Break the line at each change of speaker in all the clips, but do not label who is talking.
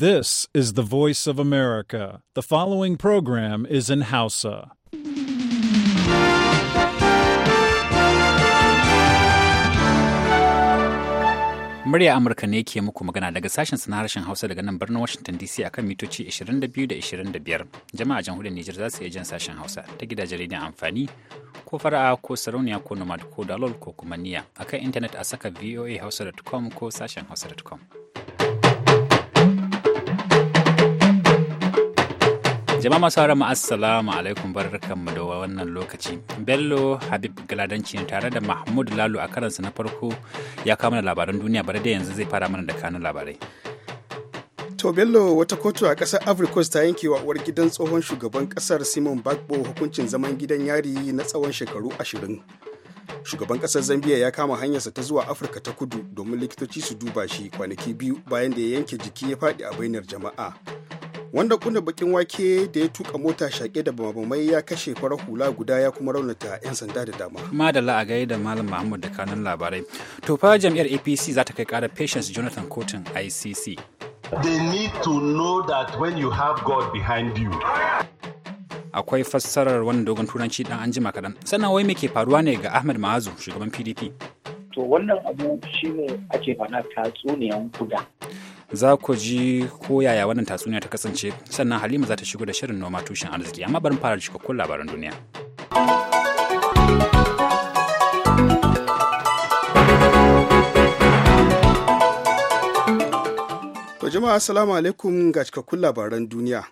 This is the
voice of America. The following program is in Hausa. Murya Amurka ne ke muku magana daga sashen sana harshen Hausa daga nan birnin Washington DC akan mitoci 22 da 25. Jama'a jamhuriyar Nijar za su iya jin sashen Hausa ta gidajen rediyon amfani ko fara'a ko sarauniya ko nomad ko dalol ko kuma niya akan intanet a saka voahausa.com ko sashen hausa.com. Jama'a masu haramu assalamu alaikum mu da wannan lokaci. Bello Habib Galadanci ne tare da Mahmud lalu a karansa na farko ya kama da labaran duniya bare da yanzu zai fara mana da kanun labarai.
To Bello wata kotu a ƙasar africa ta yanke wa uwar gidan tsohon shugaban kasar Simon Bagbo hukuncin zaman gidan yari na tsawon shekaru ashirin. shugaban kasar zambia ya kama hanyarsa ta zuwa afirka ta kudu domin likitoci su duba shi kwanaki biyu bayan da ya yanke jiki ya faɗi a bainar jama'a wanda kuna bakin wake da ya tuka mota shaƙe da bamabamai ya kashe farar hula guda ya kuma
raunata 'yan sanda da dama madalla a gaida malam mahmud da kanun labarai to fa jam'iyyar apc za ta kai ƙara patience jonathan kotun icc they need to know that when you have god behind you akwai fassarar wannan dogon turanci dan jima kaɗan sannan wai me ke faruwa ne ga ahmed ma'azu shugaban pdp to wannan abu shine ake faɗa tatsuniyan kuda za ku ji koyaya yaya wannan tatsuniya ta kasance sannan halima za ta shigo da shirin noma tushen arziki amma bari fara cikakkun labaran duniya
to jama'a assalamu alaikum ga cikakkun labaran duniya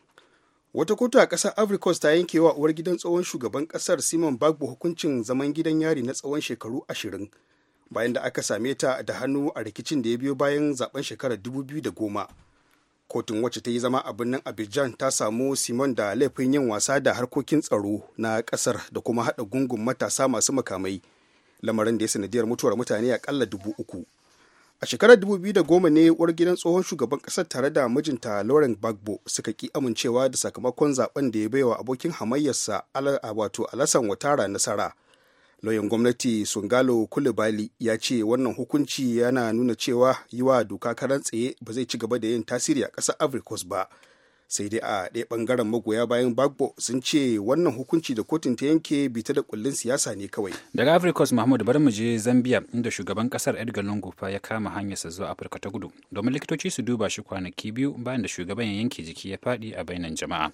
wata kotu a ƙasar africos ta yanke wa uwar gidan tsohon shugaban ƙasar simon bagbo hukuncin zaman gidan yari na tsawon shekaru ashirin bayan da aka same ta da hannu a rikicin da ya biyo bayan zaben shekarar 2010 kotun wacce ta yi zama a birnin abijan ta samu simon da laifin yin wasa da harkokin tsaro na kasar da kuma haɗa gungun matasa masu makamai lamarin da ya sanadiyar mutuwar mutane akalla dubu uku a shekarar 2010 ne uwar gidan tsohon shugaban kasar tare da mijinta lauren gbagbo suka ki amincewa da sakamakon zaben da ya baiwa abokin hamayyarsa wato alasan watara nasara lauyan gwamnati sungalo kulibali ya ce wannan hukunci yana nuna cewa yi wa doka karan tsaye ba zai ci gaba da yin tasiri a ƙasar ivory ba sai dai a ɗaya ɓangaren magoya bayan bagbo sun ce wannan hukunci da kotun ta yanke bita da kullun siyasa ne kawai
daga africa mahmud bari mu je zambia inda shugaban kasar edgar lungu fa ya kama hanyarsa zuwa afirka ta gudu domin likitoci su duba shi kwanaki biyu bayan da shugaban ya yanke jiki ya faɗi a bainan jama'a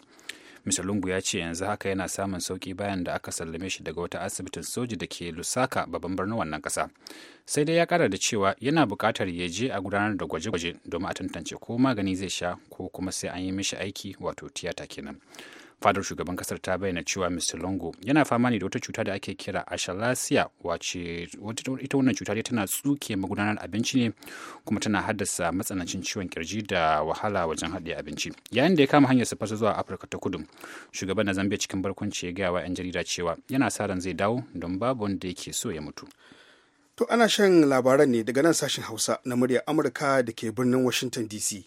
Mr. Lungu ya ce yanzu haka yana samun sauki bayan da aka sallame shi daga wata asibitin soji da ke Lusaka babban birnin wannan ƙasa. Sai dai ya ƙara da cewa yana buƙatar ya je a gudanar da gwaje-gwaje domin a tantance ko magani zai sha ko kuma sai an yi mishi aiki wato tiyata kenan. fadar shugaban kasar ta bayyana cewa mr longo yana fama ne da wata cuta da ake kira ashalasia wace ita wannan cuta tana tsuke magudanar abinci ne kuma tana haddasa matsanancin ciwon kirji da wahala wajen haɗe abinci yayin da ya kama hanyar fasa zuwa afirka ta kudu shugaban na zambia cikin barkwanci ya gaya wa 'yan jarida cewa yana sa ran zai dawo don babu wanda yake so ya mutu
to ana shan labaran ne daga nan sashen hausa na murya amurka da ke birnin washington dc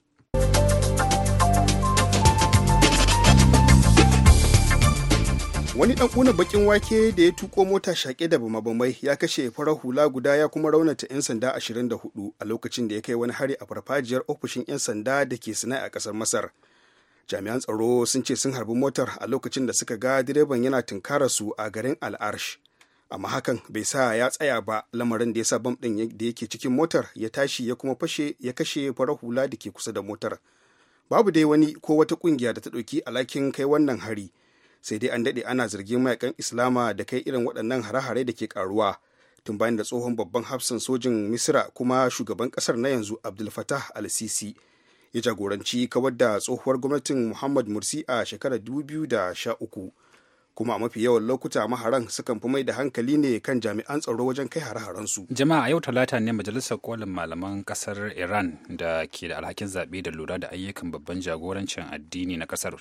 wani dan kuna bakin wake da ya tuko mota shaƙe da bama bamai ya kashe farar hula guda ya kuma raunata 'yan sanda 24 a lokacin da ya kai wani hari a farfajiyar ofishin 'yan sanda da ke sinai a ƙasar masar jami'an tsaro sun ce sun harbi motar a lokacin da suka ga direban yana tunkara su a garin al'arsh amma hakan bai sa ya tsaya ba lamarin da ya sa bam ɗin da yake cikin motar ya tashi ya kuma fashe ya kashe farar hula da ke kusa da motar babu dai wani ko wata ƙungiya da ta ɗauki alakin kai wannan hari sai dai an daɗe ana zargin mayakan islama da kai irin waɗannan hare-hare da ke karuwa tun bayan da tsohon babban hafsan sojin misira kuma shugaban ƙasar na yanzu abdul fatah al-sisi ya jagoranci kawar da tsohuwar gwamnatin muhammad mursi a shekarar 2013 kuma a mafi yawan lokuta maharan sukan fi mai da hankali ne kan jami'an tsaro wajen kai hare su.
jama'a yau talata ne majalisar kolin malaman kasar iran da ke da alhakin zaɓe da lura da ayyukan babban jagorancin addini na kasar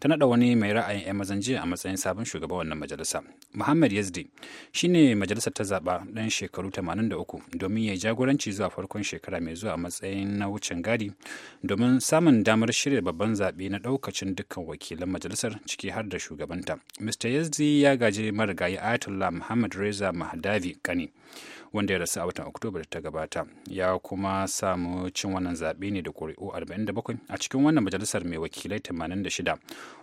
ta naɗa wani mai ra'ayin 'yan mazan jiya a matsayin sabon shugaban wannan majalisa muhammad yazdi shine majalisar ta zaɓa ɗan shekaru 83 domin ya jagoranci zuwa farkon shekara mai zuwa a matsayin na wucin gadi domin samun damar shirya babban zaɓe na ɗaukacin dukkan wakilan majalisar ciki har da shugabanta Mr. Yazdi ya gaji marigayi Ayatollah Muhammad Reza Mahdavi Kani wanda ya rasu a watan Oktoba da ta gabata. Ya kuma samu cin wannan zaɓe ne da ƙuri'u 47 a cikin wannan majalisar mai wakilai 86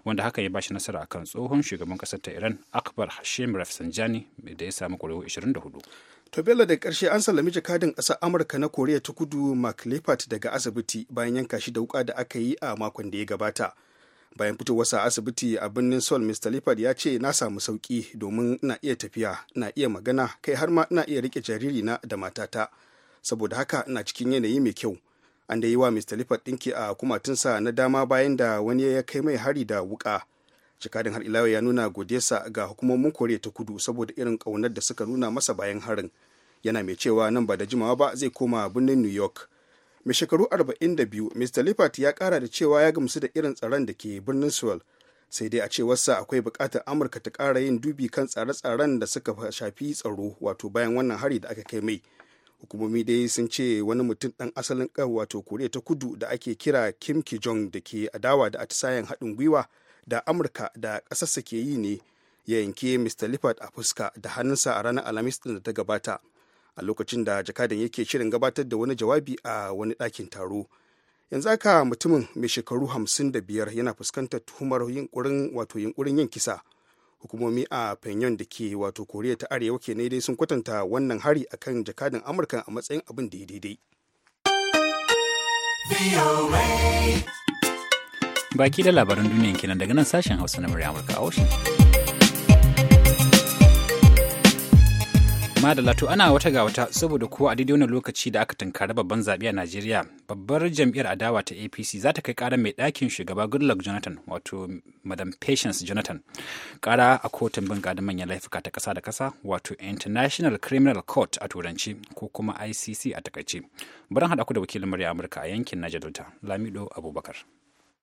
wanda haka ya ba shi nasara a kan tsohon shugaban ƙasar ta Iran Akbar Hashim Rafsanjani da ya samu ƙuri'u 24. To Bello da karshe an sallami jakadin ƙasar Amurka na
Koriya ta Kudu Mark Lippert daga asibiti bayan yanka shi da wuka da aka yi a makon da ya gabata. bayan fitowarsa asibiti a birnin sol mr lippard ya ce na samu sauki domin ina iya tafiya ina iya magana kai har ma ina iya rike jariri na da matata saboda haka ina cikin yanayi mai kyau an da yi wa mr lippard ɗinki a kumatunsa na dama bayan da wani ya kai mai hari da wuka jakadin har ilawa ya nuna godesa ga hukumomin korea ta kudu saboda irin ƙaunar da suka nuna masa bayan harin yana mai cewa nan ba da jimawa ba zai koma birnin new york mai shekaru 42 mr lippert ya kara da cewa ya gamsu da irin tsaron da ke birnin sewell sai dai a cewarsa akwai bukatar amurka ta kara yin dubi kan tsare-tsaren da suka shafi tsaro wato bayan wannan hari da aka kai mai hukumomi dai sun ce wani mutum ɗan asalin kawo wato koriya ta kudu da ake kira kim ki jong da ke adawa da atisayen haɗin gwiwa da amurka da ƙasarsa ke yi ne ya yanke mr lippert a fuska da hannunsa a ranar alhamis ɗin da ta gabata a lokacin da jakadan yake shirin gabatar da wani jawabi a wani ɗakin taro yanzu haka mutumin mai shekaru hamsin da biyar yana fuskantar tuhumar yunkurin wato yunkurin yin kisa hukumomi a fanyon da ke wato koriya ta arewa ke ne dai sun kwatanta wannan hari akan jakadan amurka a matsayin abin da ya daidai
baki da labaran duniyan kenan daga nan sashen hausa na murya amurka a washington da latu ana wata ga wata saboda kuwa a daidai wani lokaci da aka tunkari babban zaɓe a najeriya babbar jam'iyyar adawa ta apc za ta kai ƙara mai ɗakin shugaba goodluck jonathan wato madam patience jonathan ƙara a kotun bin da manyan laifuka ta ƙasa da ƙasa wato international criminal court a turanci ko kuma icc a takaice bari haɗa ku da wakilin murya amurka a yankin niger delta lamido abubakar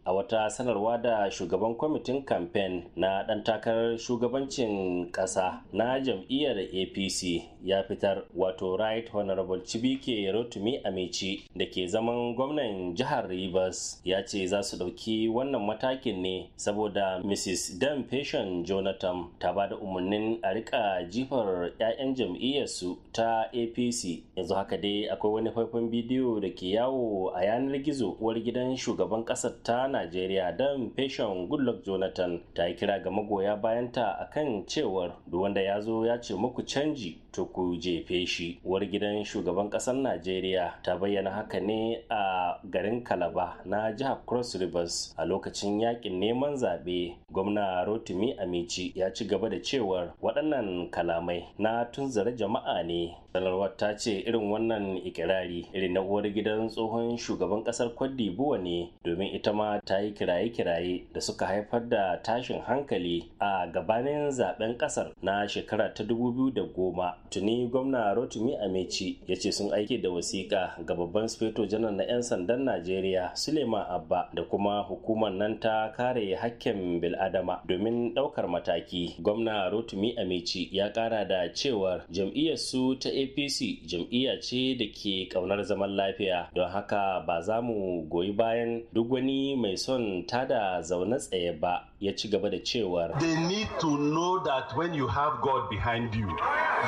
a wata sanarwa da shugaban kwamitin kamfen na ɗan takarar shugabancin ƙasa na jam'iyyar apc ya fitar wato right honorable chibike rotumi amici da ke zaman gwamnan jihar rivers ya ce za su ɗauki wannan matakin ne saboda mrs dan fashion jonathan ta ba da umarnin a rika jifar 'ya'yan jam'iyyarsu ta apc yanzu haka dai akwai wani faifan bidiyo da ke yawo a yanar gizo uwar gidan shugaban ƙasar ta najeriya don fashion goodluck jonathan ta yi kira ga magoya bayanta kan cewar duk wanda ya zo ya ce muku canji to ku jefe shi uwar gidan shugaban kasar najeriya ta bayyana haka ne a garin kalaba na jihar cross rivers a lokacin yakin neman zaɓe gwamna rotimi amici ya ci gaba da cewar waɗannan kalamai na tunzara jama'a ne sanarwar ta ce irin wannan ikirari irin na uwar gidan tsohon shugaban kasar kwadibuwa ne domin ita ma ta yi kiraye-kiraye da suka haifar da tashin hankali a gabanin zaben kasar na shekara ta 2010 tuni gwamna rotumi ameci ya ce sun aiki da wasiƙa ga babban sufeto janar na 'yan sandan najeriya suleiman abba da kuma hukumar nan ta kare hakkin bil'adama domin ɗaukar mataki gwamna rotumi ameci ya ƙara da cewar jam'iyyarsu ta apc jam'iyya ce da ke ƙaunar zaman lafiya don haka ba za mu goyi bayan duk wani mai mai son tada zaune tsaye ba ya ci gaba da cewar they
need to know that when you have god
behind you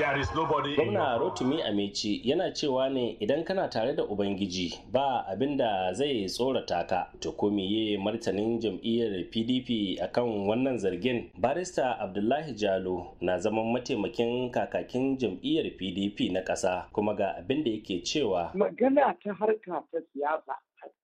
there is nobody gwamna rotumi amici yana cewa ne idan kana tare da ubangiji ba abin da zai tsorata ka to ko martanin jam'iyyar pdp akan wannan zargin barista abdullahi jalo na zaman mataimakin kakakin jam'iyyar pdp na ƙasa kuma ga abin da yake cewa
magana ta harka ta siyasa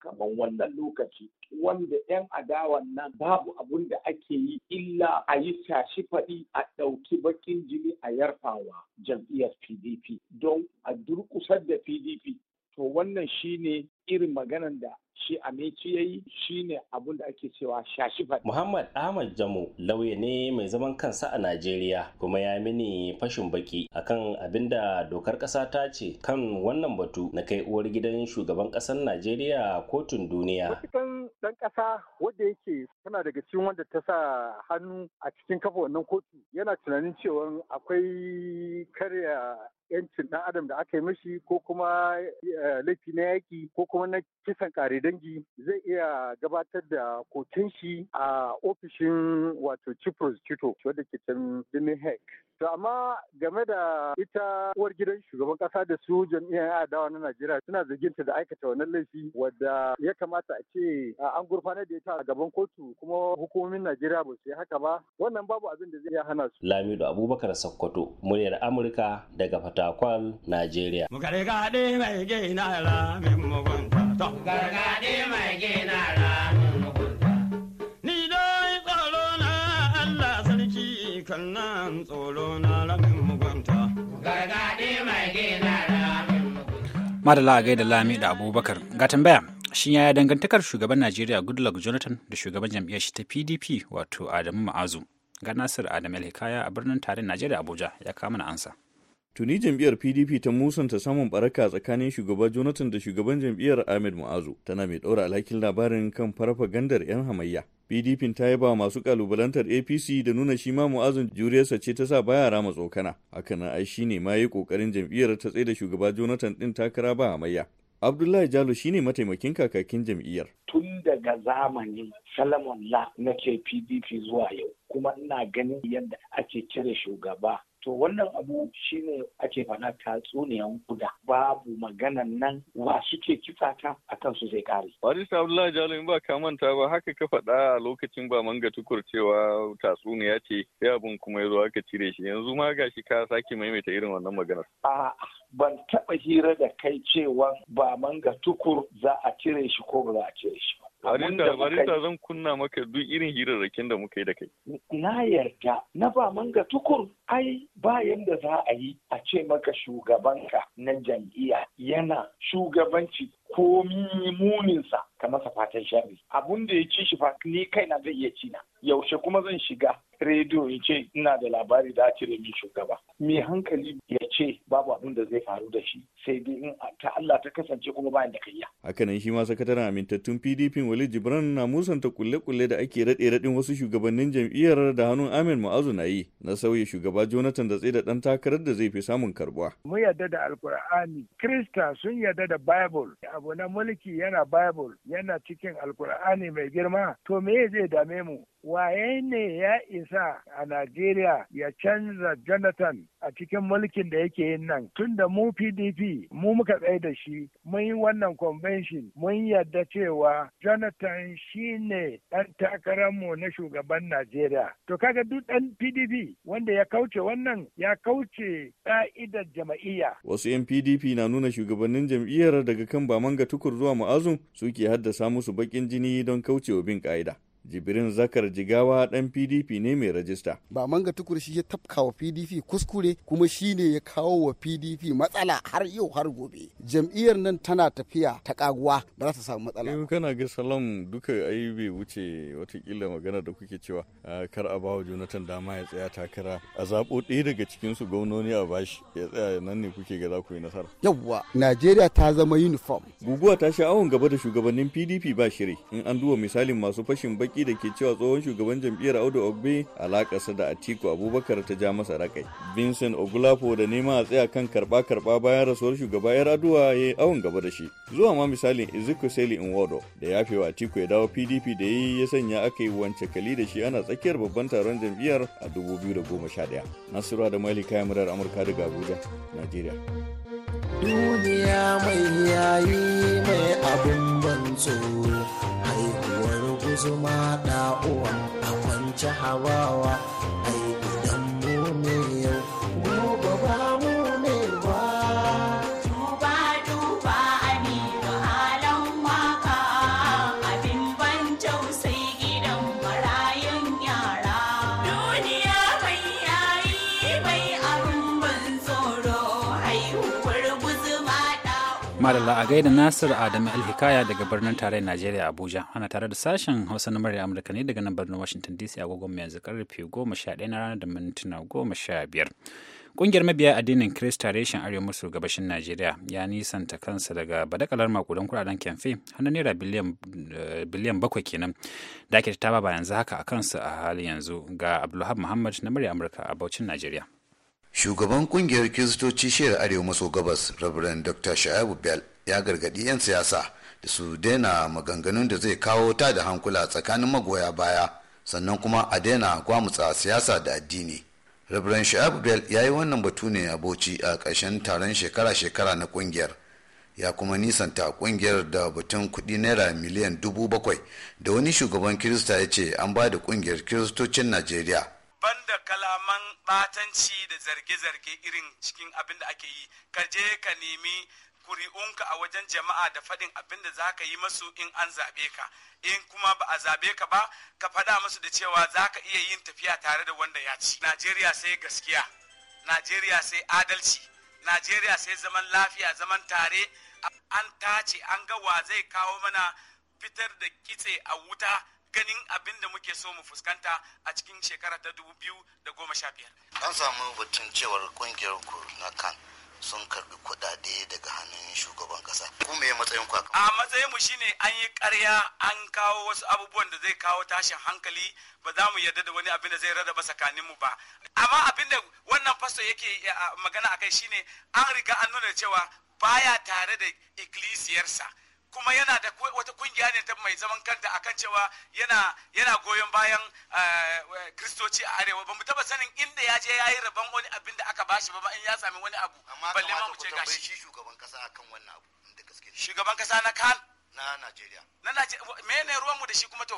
kaman wannan lokaci wanda 'yan adawan nan babu abun da ake yi illa a yi tashi faɗi a ɗauki baƙin jini a yarfawa jam'iyyar pdp don a durƙusar da pdp to wannan shine irin maganan da shi ameci yayi shine abun da ake cewa
shashi Muhammad Ahmad Jamo lauya ne mai zaman kansa a Najeriya kuma ya mini fashin baki akan abin da dokar ƙasa ta ce kan wannan batu na kai uwar gidan shugaban ƙasar Najeriya kotun duniya.
Matukan dan ƙasa wanda yake tana daga cikin wanda ta sa hannu a cikin kafa wannan kotu yana tunanin cewa akwai karya yancin ɗan adam da aka yi mishi, ko kuma eh, laifi na yaƙi ko kuma na kisan ƙare dangi zai iya gabatar da kotun shi a ofishin wato chief prosecutor wadda ke can birnin Hague. To amma game da ita uwar gidan shugaban kasa da su jam'iyyar adawa na Najeriya suna ta da aikata wannan laifi wadda ya kamata a ce an gurfanar da ita a gaban kotu kuma hukumomin Najeriya ba su yi haka ba wannan babu abin da zai iya hana su.
Lamidu Abubakar Sokoto muryar Amurka daga Fatakwal Najeriya. Mu mai gina
la mugunta. Gargaɗi mai gina
ramin mugunta. Ni dai tsoro na Allah
sarki kan nan tsoro na ramin mugunta. Gargaɗi mai gina ramin mugunta. Madala a gaida Lami da Abubakar. Ga tambaya, shin yaya dangantakar shugaban Najeriya Goodluck Jonathan da shugaban jam'iyyar shi ta PDP wato Adamu Ma'azu. Ga Nasir Adam Hikaya a birnin tarin Najeriya Abuja
ya kama na ansa. Tuni jam'iyyar PDP ta musanta samun baraka tsakanin shugaba Jonathan da shugaban jam'iyyar Ahmed Mu'azu tana mai ɗaura alhakin labarin kan gandar 'yan hamayya. PDP ta yi ba masu kalubalantar APC da nuna shi ma mu'azin juriyarsa ce ta sa baya rama tsokana. hakan ai shi ne ma yi ƙoƙarin jam'iyyar ta da shugaba Jonathan ɗin takara ba hamayya. Abdullahi Jalo shi ne mataimakin kakakin jam'iyyar.
Tun daga zamani Salamon La na ce PDP zuwa yau kuma ina ganin yadda ake cire shugaba to wannan abu shine ake faɗa tatsuniyan guda babu maganan nan wa suke kisa ta a kansu zai kare.
Wani Abdullahi Jalo ba ka manta ba haka ka faɗa a lokacin ba manga tukur cewa tatsuniya ce sai bin kuma ya zo aka cire shi yanzu ma ga shi ka sake maimaita irin wannan maganar.
A'a ban taɓa hira da kai cewa ba manga tukur za a cire shi ko ba za a cire shi ba. Barista
zan kunna maka duk irin hirarrakin da muka yi da kai.
Na yarda na ba manga tukur ai bayan da za a yi a ce maka shugabanka na jam'iyya yana shugabanci komi muninsa ka masa fatan sharri abun da ya ci shi fa ni na zai iya ci na. yaushe kuma zan shiga rediyo ya ce ina da labari da a cire min shugaba Me hankali ya ce babu abun da zai faru da shi sai dai in ta Allah ta kasance
kuma bayan da kayya hakanan shi ma sakataren amintattun PDP Walid Jibran na musanta kulle-kulle da ake rade radin wasu shugabannin jam'iyyar da hannun Amin Mu'azu na yi na sauye shugaba Jonathan da da dan takarar da zai fi samun karbuwa
Mu yadda da Alkur'ani Krista sun yadda da Bible abu na mulki yana bible yana cikin alkur'ani mai girma to me zai dame mu waye ne ya isa a Najeriya ya canza Jonathan a cikin mulkin da yake yin nan tun da mu PDP mu muka tsaye da shi mun yi wannan convention mun yarda cewa Jonathan shi ne ɗan takararmu na shugaban Najeriya. To kaga duk ɗan PDP wanda ya kauce wannan ya kauce ƙa'idar jama'iyya.
Wasu 'yan PDP na nuna shugabannin jam'iyyar daga kan Bamanga Tukur zuwa Ma'azun suke haddasa musu baƙin jini don kaucewa bin ƙa'ida. Jibirin Zakar Jigawa dan PDP ne mai rajista.
Ba manga tukur shi ya tafka wa PDP kuskure kuma shi ne ya kawo wa PDP matsala har yau har gobe. Jam'iyyar nan tana tafiya ta kaguwa
ba za ta samu matsala. ba eh, kana ga salam duka ai bai wuce watakila magana da kuke cewa kar a bawa Jonathan dama ya tsaya takara a zaɓo ɗaya daga cikinsu gwamnoni a bashi ya tsaya nan ne kuke ga za ku yi nasara.
Yawwa Najeriya ta zama
uniform. Guguwa ta sha awon gaba da shugabannin PDP ba shiri in an duba misalin masu fashin baki baki da ke cewa tsohon shugaban jam'iyyar Audu Ogbe alakasa da Atiku Abubakar ta ja masa rakai. Vincent ogulapo da nema a tsaya kan karba-karba bayan rasuwar shugaba 'yar aduwa ya yi awon gaba da shi. Zuwa ma misalin in wodo da ya wa Atiku ya dawo PDP da yi ya sanya aka yi wance kali da shi ana tsakiyar babban taron jam'iyyar a 2011. Nasura da Malika ya murar Amurka daga Abuja, Najeriya.
Duniya mai
yayi mai abin ban tsoro zuma da uwa a kwanci hawawa
Malala a gaida Nasir Adamu Alhikaya daga birnin tarayyar Najeriya Abuja. Ana tare da sashen Hausa na murya Amurka ne daga nan birnin Washington DC agogon mai yanzu karfe 11 na ranar da mintuna 15. Kungiyar mabiya addinin Kirista reshen arewa maso gabashin Najeriya ya nisanta kansa daga badakalar makudan kuɗaɗen kyamfe hannun naira eh, biliyan bakwai kenan da ake ta ba yanzu haka a kansu a halin yanzu ga Abdulhab Muhammad na murya Amurka a Bauchin Najeriya.
shugaban kungiyar kiristoci shiyar arewa maso gabas rabiran dr sha'abu bel ya gargaɗi 'yan siyasa da su daina maganganun da zai kawo ta da hankula tsakanin magoya baya sannan kuma a daina gwamutsa siyasa da addini rabiran sha'abu bel ya yi wannan batu ne a a ƙarshen taron shekara-shekara na kungiyar ya kuma nisanta kungiyar da batun kuɗi naira miliyan dubu bakwai da wani shugaban kirista ya ce an ba da kungiyar kiristocin najeriya ban da
kalaman batanci da zarge-zarge irin cikin abin da ake yi ka je ka nemi kuri'unka a wajen jama'a da faɗin abin da za ka yi masu in an zaɓe ka in kuma ba a zaɓe ka ba ka faɗa masu da cewa za ka iya yin tafiya tare da wanda ya ci najeriya sai gaskiya najeriya sai adalci najeriya sai zaman lafiya zaman tare an tace an ga wa zai kawo mana fitar da kitse a wuta ganin abin da muke so mu fuskanta a cikin shekara ta dubu biyu da goma sha biyar.
an samu batun cewar kungiyar ku na kan sun karbi kudade daga hannun shugaban kasa ku me matsayin ku a
matsayin mu shine an yi ƙarya an kawo wasu abubuwan da zai kawo tashin hankali ba za mu yarda da wani abin da zai ba tsakanin mu ba amma abin da wannan fasto yake eh, ah, magana akai shine an riga an nuna cewa baya tare da ikkilisiyarsa kuma yana da wata kungiya ne ta mai zaman kanta akan cewa yana yana goyon bayan eh, kristoci a arewa ba mu taba sanin inda ya je yayi rabon wani abin da aka bashi ba in ya sami wani abu balle ma mu ce gashi shi
shugaban kasa akan wannan abu shugaban kasa na kan na Najeriya na Najeriya menene ruwan mu da shi kuma to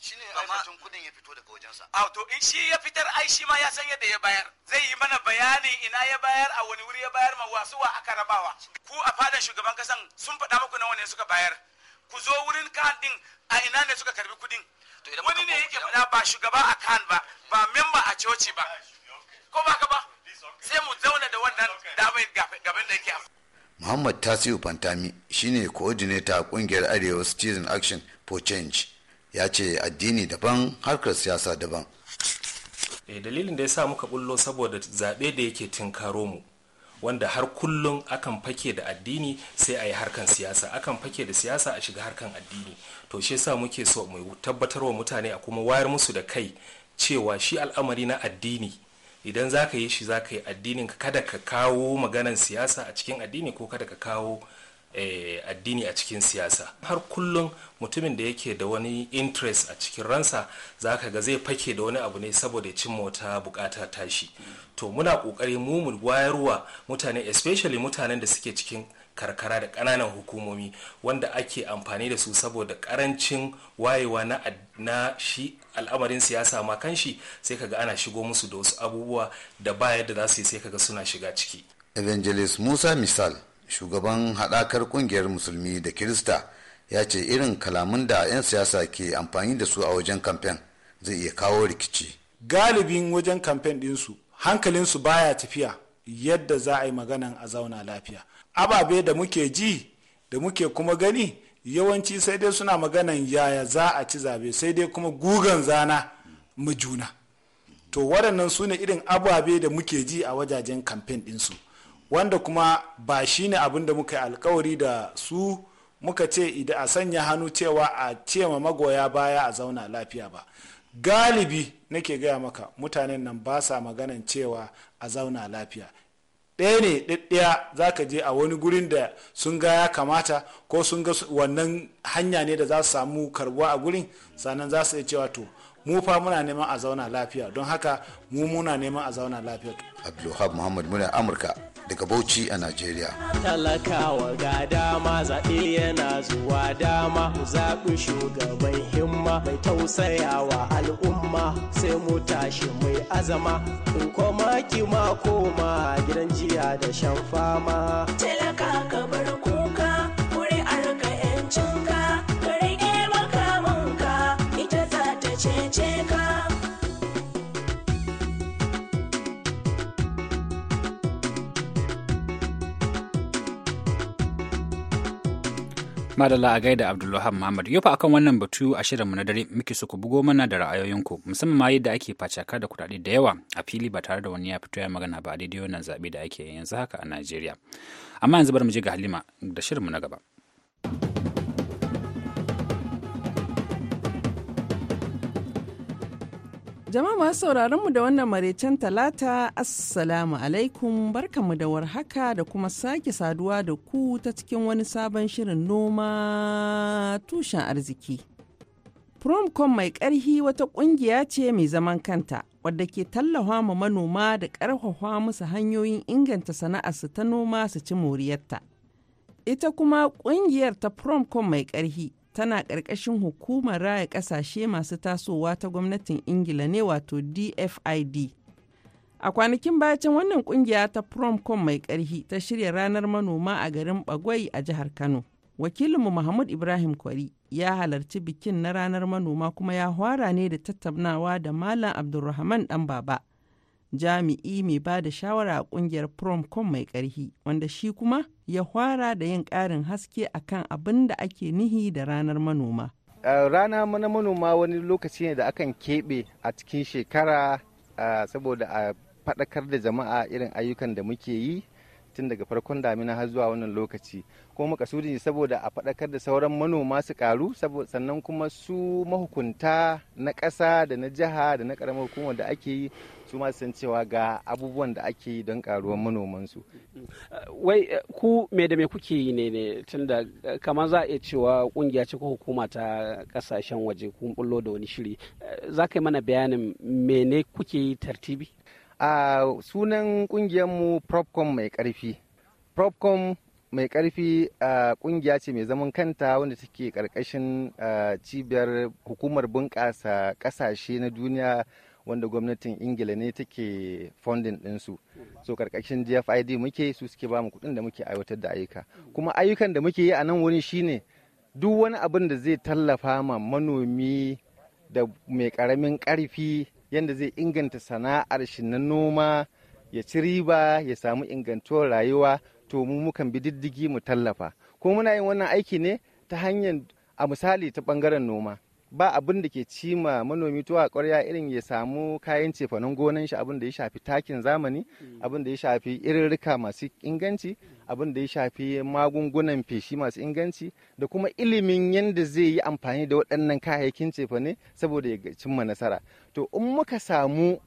shine
aikacin kudin ya fito daga wajensa a to in shi ya fitar ai shi ma ya san yadda ya bayar zai yi mana bayani ina ya bayar a wani wuri ya bayar ma wasu wa aka rabawa ku a fadan shugaban kasan sun faɗa muku na ne suka bayar ku zo wurin kan din a ina ne suka karbi kudin wani ne yake faɗa ba shugaba a kan ba ba memba a coci ba ko ba ka ba sai mu zauna da wannan damai gaban da yake
Muhammad Tasiu Fantami shine coordinator kungiyar Arewa Citizen Action for Change ya ce addini daban harkar siyasa daban
e dalilin da ya sa muka bullo saboda zaɓe da yake tinkaro mu wanda har kullum akan fake da addini sai a yi harkan siyasa akan fake da siyasa a shiga harkan addini to shi sa muke so mu tabbatar wa mutane a kuma wayar musu da kai cewa shi al'amari na addini idan za ka yi shi za ka yi addinin kada ka kawo maganan siyasa a cikin addini ko kada ka kawo Eh, addini a cikin siyasa har kullum mutumin da yake da wani interest a cikin ransa za ka ga zai fake da wani abu ne saboda ya cimma wata bukata tashi to muna kokari mu mu wayarwa mutane especially mutanen da suke cikin karkara da ƙananan hukumomi wanda ake amfani da su saboda karancin wayewa na, na shi al'amarin siyasa ma shi sai kaga ana shigo musu da wasu abubuwa da ba yadda za su yi sai kaga suna shiga ciki
evangelist musa misal shugaban haɗakar ƙungiyar musulmi da kirista ya ce irin kalamun da 'yan siyasa ke amfani da su a wajen kamfen
zai iya kawo rikici galibin wajen kamfen ɗinsu hankalinsu baya tafiya yadda za a yi maganan a zauna lafiya ababe da muke ji da muke kuma gani yawanci sai dai suna maganan yaya za a ci zabe sai dai kuma gugan zana mu juna to waɗannan su ne irin ababe da muke ji a wajajen kamfen ɗinsu wanda kuma ba shi ne abin da muka yi alkawari da su muka ce idan a sanya hannu cewa a ce ma magoya baya a zauna lafiya ba galibi nake gaya maka mutanen nan ba sa maganan cewa a zauna lafiya ɗaya ne ɗaya za ka je a wani gurin da sun ga ya kamata ko sun ga wannan hanya ne da za su samu karbuwa a gurin sannan za su iya cewa to mu fa muna neman a zauna lafiya don haka mu muna neman a zauna lafiya abdulhab
muhammad muna amurka daga Bauchi a Najeriya.
Talakawa ga dama
zaɓe yana zuwa dama mu zaɓi shugaban himma mai tausayawa al'umma sai mu tashi mai azama in koma kima koma gidan jiya da shan fama.
Talaka
Madalla a gaida Abdullahi Muhammad. Yau fa akan wannan batu a mu na dare muke su ku bugo mana da ra'ayoyinku musamman ma yadda ake facaka da kuɗaɗe da yawa a fili ba tare da wani ya fito ya magana ba a daidai wannan zaɓe da ake yanzu haka a Najeriya. Amma yanzu bari mu je ga Halima da shirin mu na gaba.
Jama'a masu sauraron mu da wannan maraicen talata assalamu alaikum barkamu da warhaka da kuma sake saduwa da ku ta cikin wani sabon shirin noma tushen arziki. Promcom mai ƙarhi wata ƙungiya ce mai zaman kanta wadda ke tallafa ma manoma da ƙarfafa musu hanyoyin inganta sana'arsu ta noma su ci moriyarta. Ita kuma ƙungiyar ta Promcom mai ƙarhi tana ƙarƙashin hukumar raya ƙasashe masu tasowa ta gwamnatin ingila ne wato dfid a kwanakin bayan wannan kungiya ta promcom mai ƙarhi ta shirya ranar manoma a garin bagwai a jihar kano wakilinmu mahmud ibrahim kwari ya halarci bikin na ranar manoma kuma ya hwara ne da tattaunawa da malam abdulrahman dan baba jami'i mai ba da shawara a kungiyar promcom mai karhi wanda shi kuma ya fara da yin ƙarin haske akan abin da ake nihi da ranar manoma
rana na manoma wani lokaci ne da akan keɓe a cikin shekara saboda a faɗakar da jama'a irin ayyukan da muke yi tun daga farkon damina har zuwa wannan lokaci kuma makasudi saboda a faɗakar da sauran manoma su karu sannan kuma su mahukunta na ƙasa da na jiha da na ƙaramar hukumar da ake yi su ma san cewa ga abubuwan da ake yi don karuwar manomansu.
Uh, wai uh, ku me da me kuke yi ne ne tun da
uh, kamar za a iya cewa kungiya ce ko hukuma ta kasashen waje kun bullo da wani shiri za ka yi mana bayanin mene kuke yi tartibi a sunan kungiyarmu propcom mai karfi propcom mai karfi a kungiya ce mai zaman kanta wanda take karkashin cibiyar hukumar bunƙasa ƙasashe na duniya wanda gwamnatin ingila ne take funding ɗinsu so karkashin gfid muke su suke ba mu kuɗin da muke aiwatar da ayyuka kuma ayyukan da muke yi a nan wuri shine duk wani abin da zai tallafa ma manomi da mai karamin ƙarfi yadda zai inganta sana'ar shi na noma ya ci riba ya samu ingantuwar rayuwa to mu mukan bi diddigi mu tallafa ko muna yin wannan aiki ne ta hanyar a misali ta bangaren noma ba abin da ke cima manomi tuwa kwarya irin ya samu kayan cefanen gonan shi abin da ya shafi takin zamani mm. abin da ya shafi irirrika masu inganci abin da ya shafi magungunan feshi masu inganci da kuma ilimin yadda zai yi amfani da waɗannan kayayyakin cefane saboda ya cimma nasara to in muka samu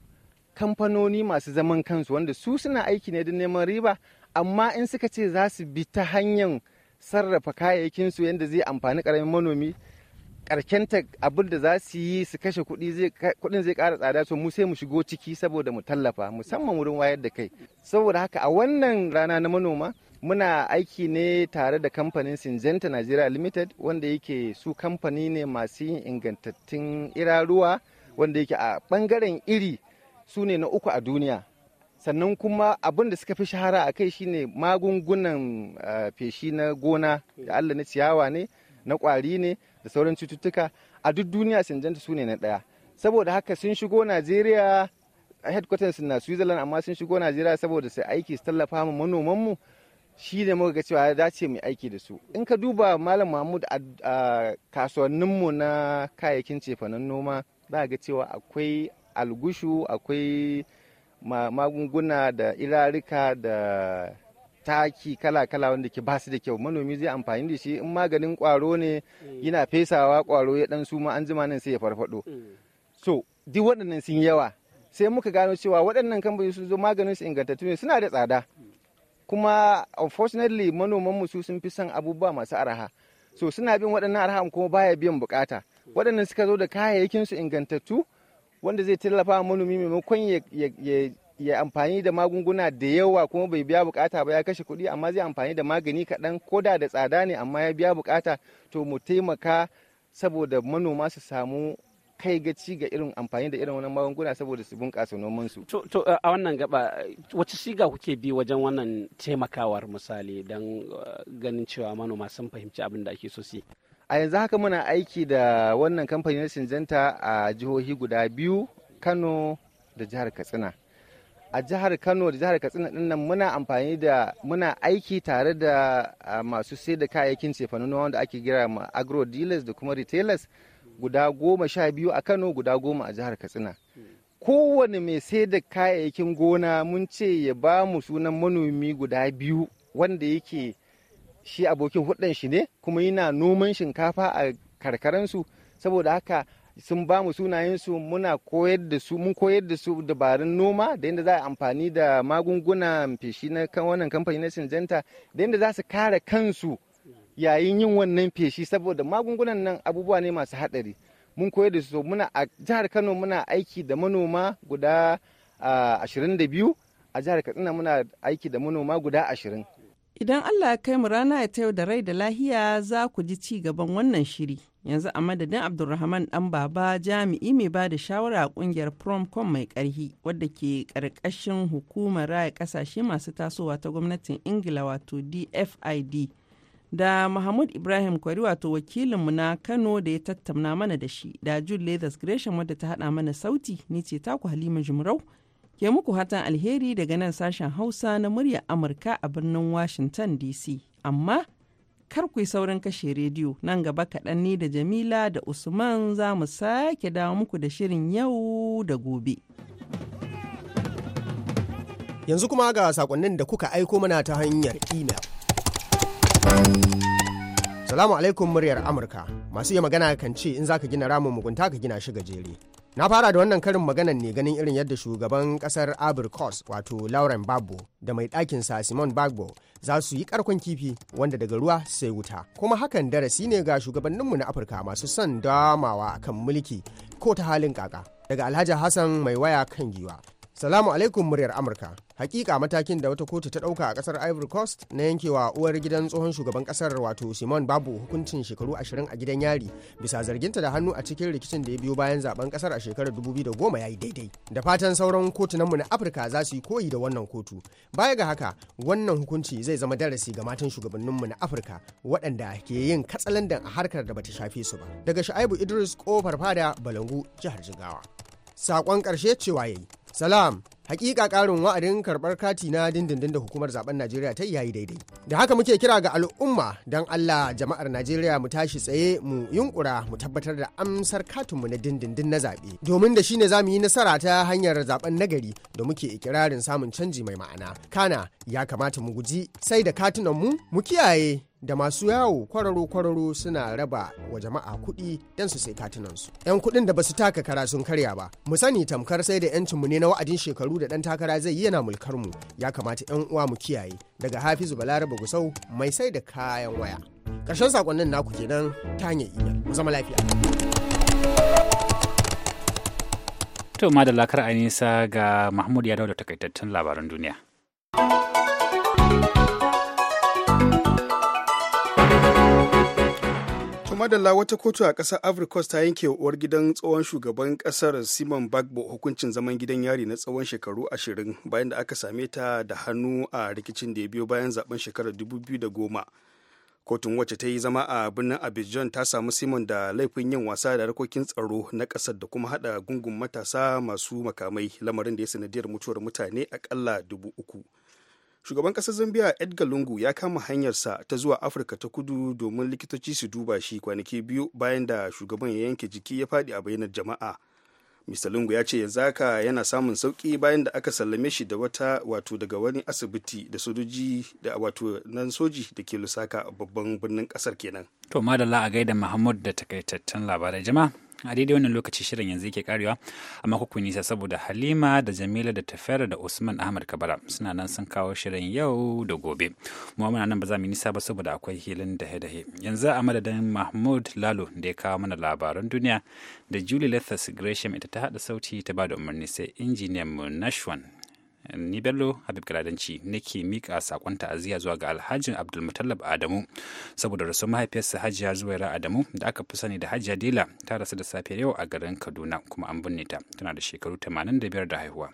kamfanoni masu zaman kansu wanda su suna aiki ne don neman riba amma in suka ce za su bi ta hanyar sarrafa kayayyakinsu yadda zai amfani ƙaramin manomi karkenta abin da za su yi su kashe kuɗin zai ƙara tsada so mu sai mu shigo ciki saboda mu tallafa musamman wurin wayar da kai saboda haka a wannan rana na manoma muna aiki ne tare da kamfanin Syngenta Nigeria Limited wanda yake su kamfani ne masu yin ingantattun iraruwa wanda yake a bangaren iri su ne na uku a duniya sannan kuma abin da suka fi shahara a kai shine magungunan eh, feshi na gona da allah na ciyawa ne na kwari ne da sauran cututtuka a duk duniya sinjanta su ne na ɗaya saboda haka sun shigo najeriya headquarters na switzerland amma sun shigo najeriya saboda su aiki su tallafa mu manomanmu shi ne muka cewa ya dace mu aiki da su in ka duba malam mahmud a mu na kayayyakin cefanen noma za ga cewa akwai algushu akwai magunguna da irarika da taki kala-kala wanda ke basu da kyau manomi zai amfani da shi in maganin kwaro ne mm. yana fesawa kwaro ya dan suma an jima nan sai ya farfado mm. so duk waɗannan sun yawa sai muka gano cewa waɗannan kamfani sun zo maganin su ingantattu ne suna da tsada kuma unfortunately manoman mu su sun fi son abubuwa masu araha so suna bin waɗannan arha kuma baya biyan bukata waɗannan suka zo da kayayyakin su ingantattu wanda zai tallafa manomi maimakon ya ya amfani da magunguna da yawa kuma bai biya bukata ba ya kashe kuɗi amma zai amfani da magani kaɗan ko da tsada ne amma ya biya bukata to mu taimaka saboda manoma su samu kai gaci ga irin amfani da irin wannan magunguna saboda su bunƙasa noman su. To,
a wannan gaba wace shiga kuke bi wajen wannan taimakawar misali don eh, ganin cewa manoma sun fahimci
abin da ake so su A yanzu haka muna aiki da wannan kamfanin Sinjanta a jihohi guda biyu Kano da jihar Katsina. a jihar Kano da jihar Katsina din muna amfani da muna aiki tare da masu sai da kayayyakin na wanda ake gira ma agro dealers da kuma retailers guda goma sha biyu a Kano guda goma a jihar Katsina. Kowane mai sai da kayayyakin gona mun ce ya ba mu sunan manomi guda biyu wanda yake shi abokin hudun shi ne kuma yana noman shinkafa a karkaransu saboda haka sun ba mu sunayensu muna koyar da su mun koyar da su dabarun noma da yadda za a amfani da magungunan feshi na kan wannan kamfani na Syngenta da yadda za su kare kansu yayin yin wannan feshi saboda magungunan nan abubuwa ne masu haɗari mun koyar da su muna a jihar Kano muna aiki da manoma guda ah, ashirin a jihar Katsina muna aiki da manoma guda ashirin
Idan Allah ya kai mu rana ta yau da rai da lahiya za ku ji ci gaban wannan shiri. Yanzu a madadin Abdulrahman ɗan baba jami'i mai ba da shawara a ƙungiyar Promcom mai ƙarhi wadda ke ƙarƙashin hukumar raya ƙasashe masu tasowa ta gwamnatin Ingila wato DFID. Da Mahmud Ibrahim Kwari wato wakilinmu na Kano da ya tattauna mana da shi da Jude Leathers Gresham wadda ta haɗa mana sauti ni ce taku Halima Jumrau. Ke muku hatan alheri daga nan sashen Hausa na muryar Amurka a birnin Washington DC. Amma kar ku yi saurin kashe rediyo nan gaba kaɗan ni da Jamila da Usman za mu sake dawo muku da shirin yau da gobe. Yanzu kuma
ga sakonnin da kuka aiko mana ta hanyar email. Salamu alaikum muryar Amurka. Masu iya magana kan ce in zaka gina ramin mugunta ka gina shi gajere. Na fara da wannan karin maganan ne ganin irin yadda shugaban kasar Abercos wato Lauren Gbagbo da mai ɗakin sa Simon Gbagbo za su yi karkon kifi wanda daga ruwa sai wuta. Kuma hakan darasi ne ga shugabanninmu na Afirka masu son damawa kan mulki ko ta halin kaka. Daga Alhaji Hassan mai waya kan giwa Salamu alaikum muryar Amurka. Hakika matakin da wata kotu ta dauka a kasar Ivory Coast na yankewa uwar gidan tsohon shugaban kasar wato Simon Babu hukuncin shekaru 20 a gidan yari bisa zarginta da hannu a cikin rikicin da ya biyo bayan zaben kasar a shekarar 2010 yi daidai. Da fatan sauran kotunan mu na Afirka za su yi koyi da wannan kotu. Baya ga haka, wannan hukunci zai zama darasi ga matan shugabanninmu na Afirka waɗanda ke yin katsalandan a harkar da bata shafe su ba. Daga Sha'ibu Idris Kofar Fada Balangu, jihar Jigawa. Sakon ƙarshe cewa yayi Salam. Hakika karin wa'adin karbar kati na dindindin da hukumar zaben Najeriya ta yayi daidai. Da haka muke kira ga al'umma don Allah jama'ar Najeriya mu tashi tsaye mu yunkura mu tabbatar da amsar katinmu na dindindin na zaɓe. Domin da shine za mu yi nasara ta hanyar zaben nagari da muke ikirarin samun canji mai ma'ana. Kana ya kamata mu guji sai da katunanmu mu kiyaye da masu yawo kwararo-kwararo suna raba wa jama'a kuɗi don su sai katinansu. 'Yan kuɗin da basu taka kara sun karya ba, mu sani tamkar sai da 'yancinmu ne na wa'adin shekaru da ɗan takara zai yi yana mu ya kamata 'yan uwa mu kiyaye daga Hafizu Balaraba Gusau mai sai da kayan waya. Ƙarshen saƙonnin naku kenan ta hanyar imel. Mu zama lafiya.
To, da lakar a nisa ga Mahmud ya dawo da takaitattun labaran duniya.
kuma madalla wata kotu a ƙasar Ivory ta yanke uwar gidan tsohon shugaban ƙasar Simon Bagbo hukuncin zaman gidan yari na tsawon shekaru ashirin bayan da aka same ta da hannu a rikicin da ya biyo bayan zaben shekarar 2010. Kotun wacce ta yi zama a birnin Abidjan ta samu Simon da laifin yin wasa da harkokin tsaro na ƙasar da kuma haɗa gungun matasa masu makamai lamarin da ya sanadiyar mutuwar mutane aƙalla dubu uku. shugaban ƙasar zambia edgar lungu ya kama hanyarsa ta zuwa afirka ta kudu domin likitoci su duba shi kwanaki biyu bayan da shugaban ya yanke jiki ya faɗi a bayanar jama'a mr lungu ya ce yanzu haka yana samun sauki bayan da aka sallame shi da wata wato daga wani asibiti da sojoji da wato nan soji da ke lusaka babban birnin ƙasar kenan
to madalla a gaida muhammad da takaitattun labarai jama'a a daidai wannan lokaci shirin yanzu yake karewa amma kuku nisa saboda halima da jamila da tafera da usman ahmad kabara suna nan sun kawo shirin yau da gobe mu muna nan ba za mu nisa ba saboda akwai hilin da dahe yanzu a madadin mahmud lalo da ya kawo mana labaran duniya da julie lethas gresham ita ta haɗa sauti ta ba da umarni sai injiniyan mu nashwan ni bello habib galadanci nake mika sakon ta'aziyya zuwa ga alhajin abdulmutallab adamu saboda rasu mahaifiyarsa hajiya ra adamu da aka fi sani da hajiya dila ta rasu da safiyar yau a garin kaduna kuma an binne ta tana da shekaru 85 da haihuwa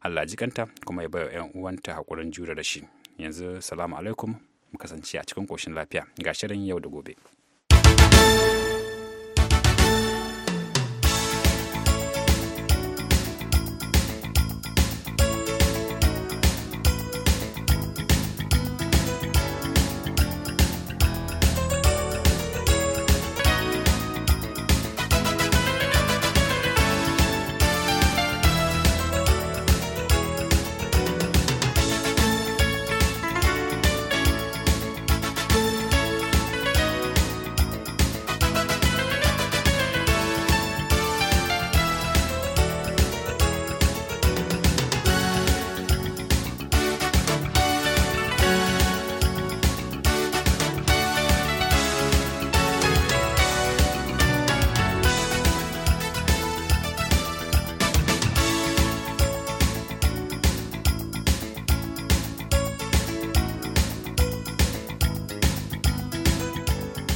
allah kanta kuma ya baiwa yan uwanta hakurin jure da shi yanzu salamu alaikum mu kasance a cikin koshin lafiya ga shirin yau da gobe